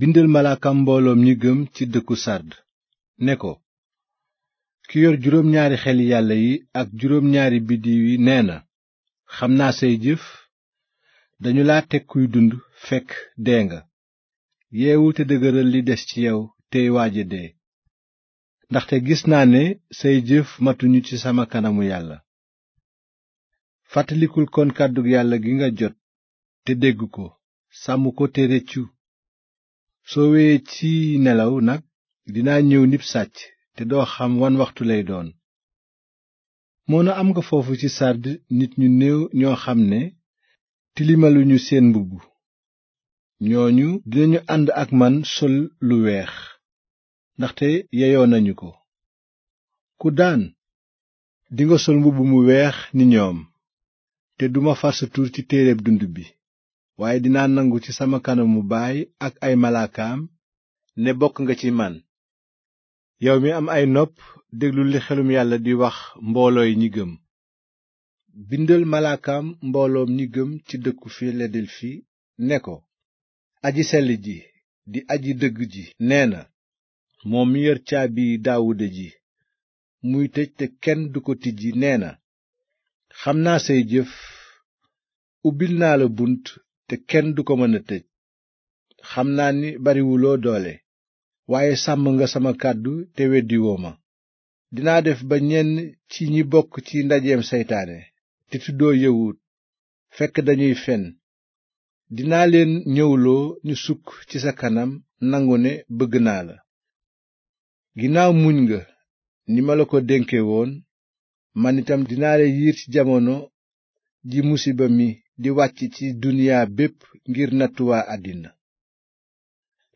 bindal malaakam mbooloom ñi gëm ci dëkku sàrd ne ko ki yor juróom ñaari xeli yàlla yi ak juróom ñaari biddiw yi nee na xam naa say jëf dañu la teg kuy dund fekk dee nga yeewul te dëgëral li des ci yow tey waaja dee ndaxte gis naa ne say jëf matuñu ci sama kanamu yàlla fàttalikul kon kàddug yàlla gi nga jot te dégg ko sàmm ko te rëccu soo wéyee ci nelaw nag dinaa ñëw nib sàcc te doo xam wan waxtu lay doon moona am nga foofu ci sàdd nit ñu néew ñoo xam ne tilimalu ñu seen mbubb ñooñu dinañu ànd ak man sol lu weex ndaxte yeyoo nañu ko ku daan dinga sol mbubb mu weex ni ñoom te duma far sa tur ci téereb dund bi waaye dina nangu ci sama kanamu baay ak ay malaakaam ne bokk nga ci man yow mi am ay nopp déglu li xelum yàlla di wax mboolooy ñi bindal malaakaam mbooloom ñi gëm ci dëkku Filadelfi ne ko aji sell ji di aji dëgg ji nee na moom mi yor caabi Daawuda ji muy tëj te kenn du ko tijji nee na xam naa say jëf ubbil naa la bunt te kenn du ko mën a tëj xam naa ni bariwuloo doole waaye sàmm nga sama kàddu te weddiwoo ma dinaa def ba ñenn ci ñi bokk ci ndajeem seytaane te tuddoo yëwut fekk dañuy fenn dinaa leen ñëwloo ñu sukk ci sa kanam nangu ne bëgg naa la ginnaaw muñ nga ni ma la ko dénke man itam dinaa la yiir ci jamono ji musiba mi di wàcc ci duniyaa bépp ngir nattu àddina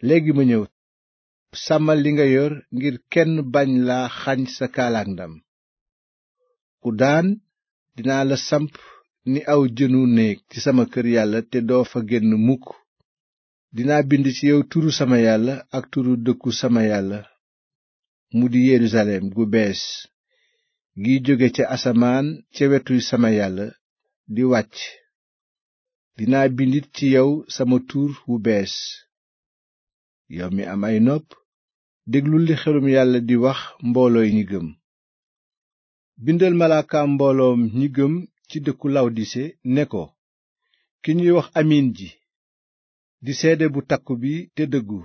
léegi ma ñëw sàmmal nga yor ngir kenn bañ la xañ sa kaalaak ndam ku daan dinaa la samp ni aw jënu néeg ci sama kër yàlla te doo fa génn mukk dinaa bind ci yow turu sama yàlla ak turu dëkku sama yàlla mu di yerusalem gu bees giy jóge ca asamaan ca wetu sama yàlla di wàcc dinaa bindit ci yow sama tuur wu bees yow mi am ay nopp déglul li xelum yàlla di wax mboolooy ñi gëm bindal malaakaam mbooloom ñi gëm ci dëkku lawdise ne ko ki ñuy wax amiin ji di seede bu takku bi te dëggu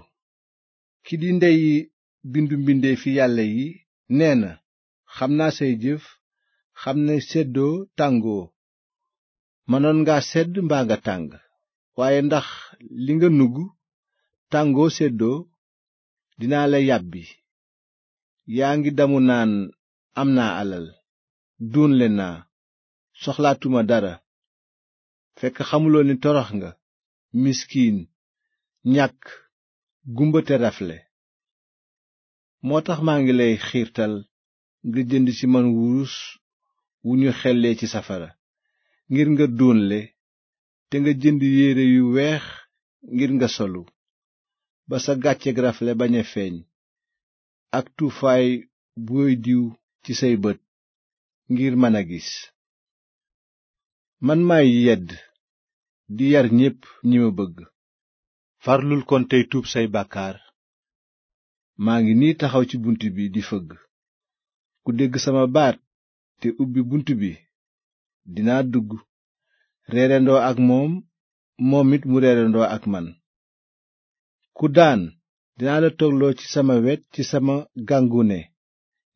ki di ndey bindu fi yàlla yi nee na xam naa say jëf xam ne seddoo tàngoo mënoon nga sedd mbaa nga tàng waaye ndax li nga nugg tàngoo seddoo dinaa la yàbbi yaa ngi damu naan am na alal duunle naa soxlaatuma dara fekk xamuloo ni torox nga miskiin ñàkk gumba te rafle moo tax maa ngi lay xiirtal nga jënd ci man wurus wu ñu xellee ci safara ngir nga duunle te nga jënd yéere yu weex ngir nga solu ba sa gàcceg rafle bañ feeñ ak tuufaay booy diw ci say bët ngir mën a gis man maay yedd di yar ñépp ñi ma bëgg farlul kon tey tuub say bàkkaar maa ngi nii taxaw ci bunt bi di fëgg ku dégg sama baat te ubbi bunt bi dinaa dugg reerandoo ak moom moom it mu reerandoo ak man ku daan dinaa la toogloo ci sama wet ci sama gàngune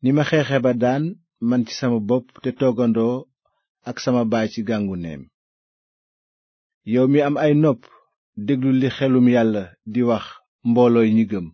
ni ma xeexe ba daan man ci sama bopp te toggandoo ak sama baay ci gànguneem yow mi am ay nopp déglu li xelum yàlla di wax mboolooy ñi gëm